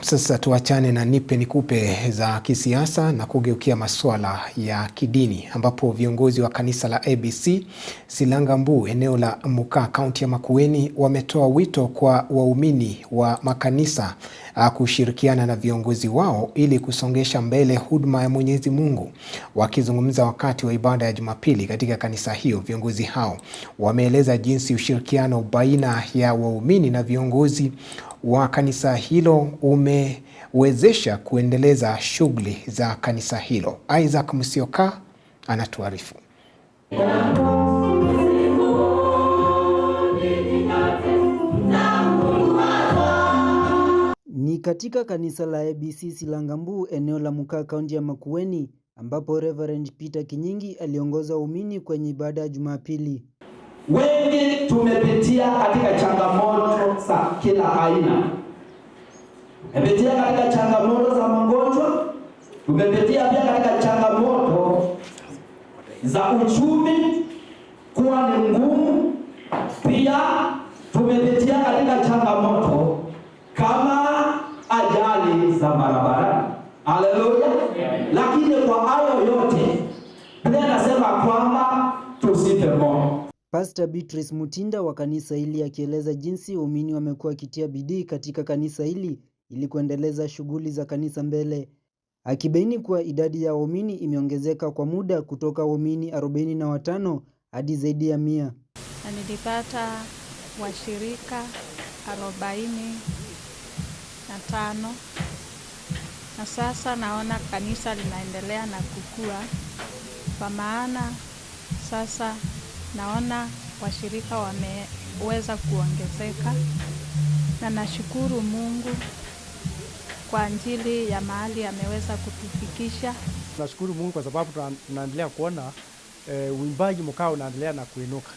Sasa tuachane na nipe nikupe za kisiasa na kugeukia masuala ya kidini, ambapo viongozi wa kanisa la ABC Silangambu eneo la Mukaa kaunti ya Makueni wametoa wito kwa waumini wa makanisa ah, kushirikiana na viongozi wao ili kusongesha mbele huduma ya Mwenyezi Mungu. Wakizungumza wakati wa ibada ya Jumapili katika kanisa hiyo, viongozi hao wameeleza jinsi ushirikiano baina ya waumini na viongozi wa kanisa hilo umewezesha kuendeleza shughuli za kanisa hilo. Isaac Msioka anatuarifu. Ni katika kanisa la ABC Silangambu eneo la Mukaa, kaunti ya Makueni ambapo Reverend Peter Kinyingi aliongoza waumini kwenye ibada ya Jumapili. Wengi tumepitia katika changamoto za kila aina. Tumepitia katika changamoto za magonjwa, tumepitia pia katika changamoto za uchumi kuwa ni ngumu, pia tumepitia katika changamoto kama ajali za barabarani. Haleluya! Lakini kwa hayo yote, Biblia inasema kwamba tusipe moyo. Pastor Beatrice Mutinda wa kanisa hili akieleza jinsi waumini wamekuwa wakitia bidii katika kanisa hili ili kuendeleza shughuli za kanisa mbele, akibaini kuwa idadi ya waumini imeongezeka kwa muda kutoka waumini arobaini watano hadi zaidi ya mia. Na nilipata washirika arobaini na tano na sasa naona kanisa linaendelea na kukua, kwa maana sasa Naona washirika wameweza kuongezeka na nashukuru Mungu kwa ajili ya mahali ameweza kutufikisha. Nashukuru Mungu kwa sababu tunaendelea kuona e, uimbaji mkao unaendelea na kuinuka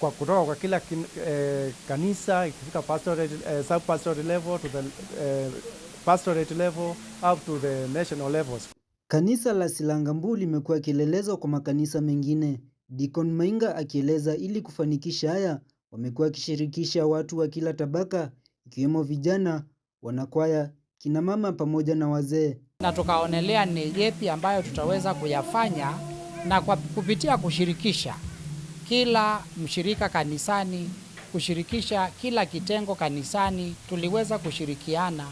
kwa kutoka kwa kila kin, e, kanisa ikifika pastorate, e, eh, sub pastorate level to the e, pastorate level up to the national levels. Kanisa la Silangambuu limekuwa kielelezo kwa makanisa mengine. Deacon Mainga akieleza ili kufanikisha haya wamekuwa wakishirikisha watu wa kila tabaka ikiwemo vijana, wanakwaya, kina mama pamoja na wazee, na tukaonelea ni yepi ambayo tutaweza kuyafanya na kwa kupitia kushirikisha kila mshirika kanisani, kushirikisha kila kitengo kanisani, tuliweza kushirikiana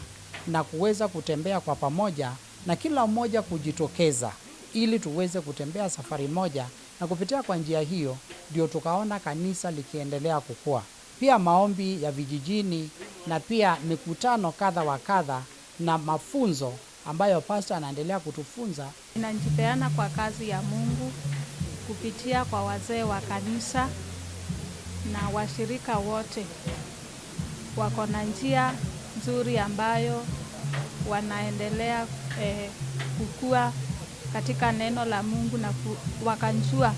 na kuweza kutembea kwa pamoja na kila mmoja kujitokeza ili tuweze kutembea safari moja na kupitia kwa njia hiyo ndio tukaona kanisa likiendelea kukua. Pia maombi ya vijijini na pia mikutano kadha wa kadha na mafunzo ambayo pasta anaendelea kutufunza. inajipeana kwa kazi ya Mungu kupitia kwa wazee wa kanisa na washirika wote, wako na njia nzuri ambayo wanaendelea eh, kukua katika neno la Mungu na wakajua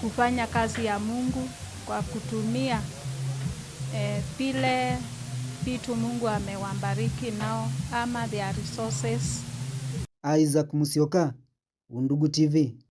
kufanya kazi ya Mungu kwa kutumia eh, vile e, vitu Mungu amewambariki nao ama their resources. Isaac Musioka, Undugu TV.